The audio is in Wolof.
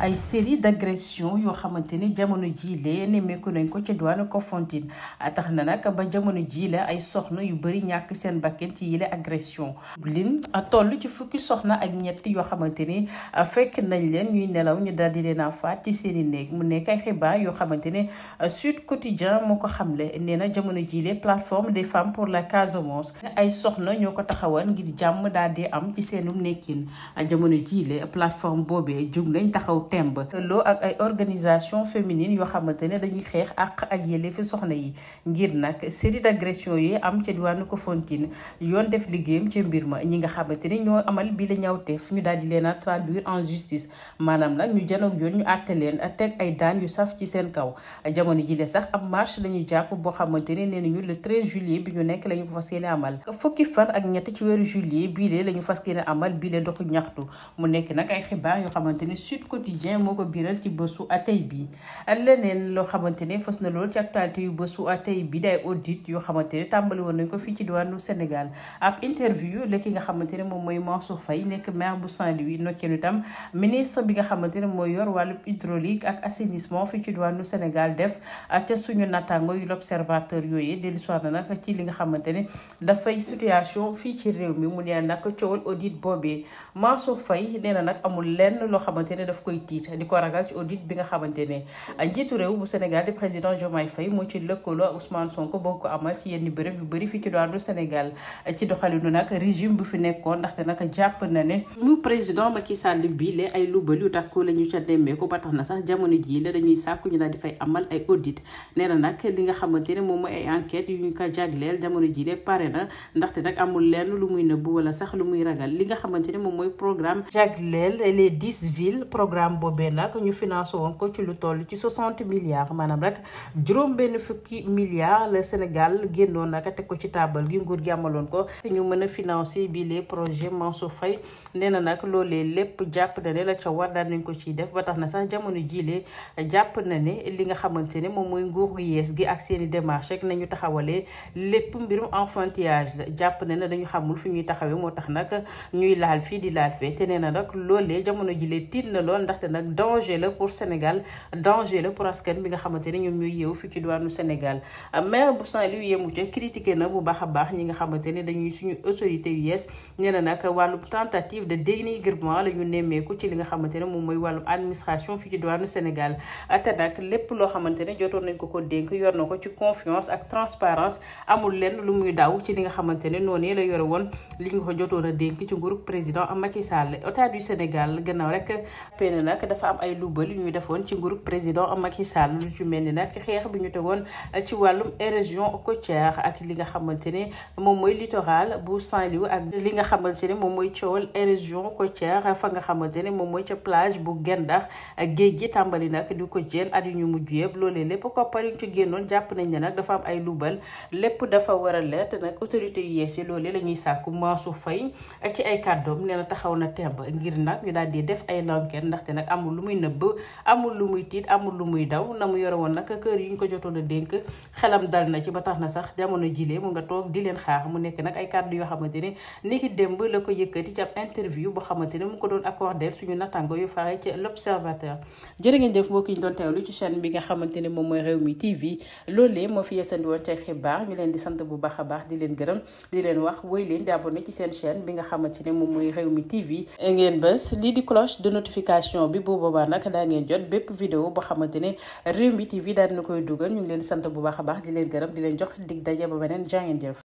ay série d'agression yoo xamante ni jamono jii lee nemmeeku nañ ko ci diwaanu Kafountine tax na nag ba jamono jii ay soxna yu bari ñàkk seen bakkan ci yile agression lim toll ci fukki soxna ak ñett yoo xamante ni ah, fekk nañ leen ñuy nelaw ñu daal di leen a faat ci seeni néeg mu nekk ay xibaar yoo xamante ne ah, Sud Quotidien moo ko xamle nee na jamono jii lee plateforme des femmes pour la Casamance ay soxna ñoo ko taxawal ngir jàmm daal di am ci seenum nekkin ah, jamono jii lee plateforme boobee jug nañ taxaw temb loo ak ay organisation féminine yoo xamante ne dañuy xeex àq ak yelleefu soxna yi ngir nag série d'agression yi am ca diwaanu Kafountine yoon def liggéeyam ca mbir ma ñi nga xamante ne ñoo amal bi la fu ñu daal di leen a traduire en justice maanaam nag ñu janoog yoon ñu àtte leen teg ay daan yu saf ci seen kaw jamono jile sax ab marche lañu jàpp boo xamante ne nee nañu le 13 juillet bi ñu nekk la ñu ko fas yéene amal fukki fan ak ñett ci weeru juillet la ñu quotidien moo ko biiral ci bësu atey bi leneen loo xamante ne fës na loolu ci actualité yu bësu atey bi day audit yoo xamante ne tàmbali woon nañ ko fii ci diwaanu Sénégal ab interview la ki nga xamante ne moom mooy Mansour Faye nekk maire bu Saint-Louis nokkeenu itam ministre bi nga xamante ne mooy yor wàllub hydraulique ak assainissement fii ci diwaanu Sénégal def ca suñu nattaango yu l'observateur yooyu dellu soir na nag ci li nga xamante ne dafay situation fii ci réew mi mu ne nak coowal audit boobee Mansour Faye nee na nag amul lenn loo xamante ne daf koy tiit di ko ragal ci audit bi nga xamante ne njiitu réew bu Sénégal di président Diomaye Faye moo ci lëkkaloo ak Ousmane Sonko boo ko amal ci yenn béréb yu bëri fii ci Sénégal ci doxalinu nag régime bu fi nekkoon ndaxte nag jàpp na ne mu président Macky Sall bii le ay lubal yu takku la ñu ca demmeeku ba tax na sax jamono jii dañuy sàkku ñu daal di fay amal ay audit nee na nag li nga xamante ne moom mooy ay enquête yu ñu ko jagleel jamono jii le pare na ndaxte nag amul lenn lu muy nëbbu wala sax lu muy ragal li nga xamante ne moom mooy programme jagleel les programme boobee nag ñu financé woon ko ci lu toll ci 60 milliards maanaam rek juróom benn fukki milliards la Sénégal génnoon nag teg ko ci taabal gi nguur gi amaloon ko ñu mën a financer bi les projets Mansour Faye nee na nag loolee lépp jàpp na ca war nañ ko ciy def ba tax na sax jamono jilee jàpp na ne li nga xamante ne moom mooy nguur gu yees gi ak seeni démarche rek nañu taxawalee lépp mbirum enfantillage la jàpp na ne dañu xamul fi ñuy taxawee moo tax nag ñuy laal fii di laal fee te nee nag loolee jamono jilee tiit na lool ndaxte nag danger la pour Sénégal danger la pour askan bi nga xamante ne ñoom ñooy yeewu fii ci diwaanu Sénégal maire bu Saint-Louis yemu ca critiqué na ñi nga xamante ne dañuy suñu autorité yu yees nee na nag wàllum tentative de dénigrement la ñu nemmeeku ci li nga xamante ne moom mooy wàllum administration fii ci diwaanu Sénégal te nag lépp loo xamante ne jotoon nañ ko ko dénk yor na ko ci confiance ak transparence amul lenn lu muy daw ci li nga xamante ne noonu la yore woon li nga ko jotoon a dénk ci nguurug président Macky Sall état du Sénégal gannaaw rek peine nag nag dafa am ay luubal yu ñu defoon ci nguurug président Macky Sall lu ci mel ni nag xeex bi ñu tegoon ci wàllum érosion côtière ak li nga xamante ne moom mooy littoral bu Saint-Louis ak li nga xamante ne moom mooy coowal érosion côtière fa nga xamante ne moom mooy ca plage bu Gendax géej gi tàmbali nag di ko jël at yu ñu mujj yëpp loolee lépp koppar yu ci génnoon jàpp nañ ne nag dafa am ay luubal lépp dafa war a leer te nag autorité yu yees yi loolee la ñuy sàkku Mansour Faye ci ay kàddoom nee taxaw na temb ngir nag ñu daal di def ay lanket ndaxte nag amul lu muy nëbb amul lu muy tiit amul lu muy daw na mu yore woon nag kër yi ñu ko jotoon a dénk xelam dal na ci ba tax na sax jamono jilee mu nga toog di leen xaar mu nekk nag ay kàddu yoo xamante ne ni ki démb la ko yëkkati ci ab interview boo ne mu ko doon accordé suñu nattango yu fare ci l'observateur ne moom mooy Rewmi TV loolee moo fi yesandi woon tey xibaar ñu leen di sant bu baax a baax di leen gërëm di leen wax woy leen di abonné ci seen chaîne bi nga xamante ne moom mooy Rewmi TV ngeen bés lii di cloche de notification bi bu boobaa nag daa ngeen jot bépp vidéo boo xamante ne Rewmi TV daal na koy dugal ñu ngi leen sant bu baax a baax di leen gërëm di leen jox dig daje ba beneen jaa ngeen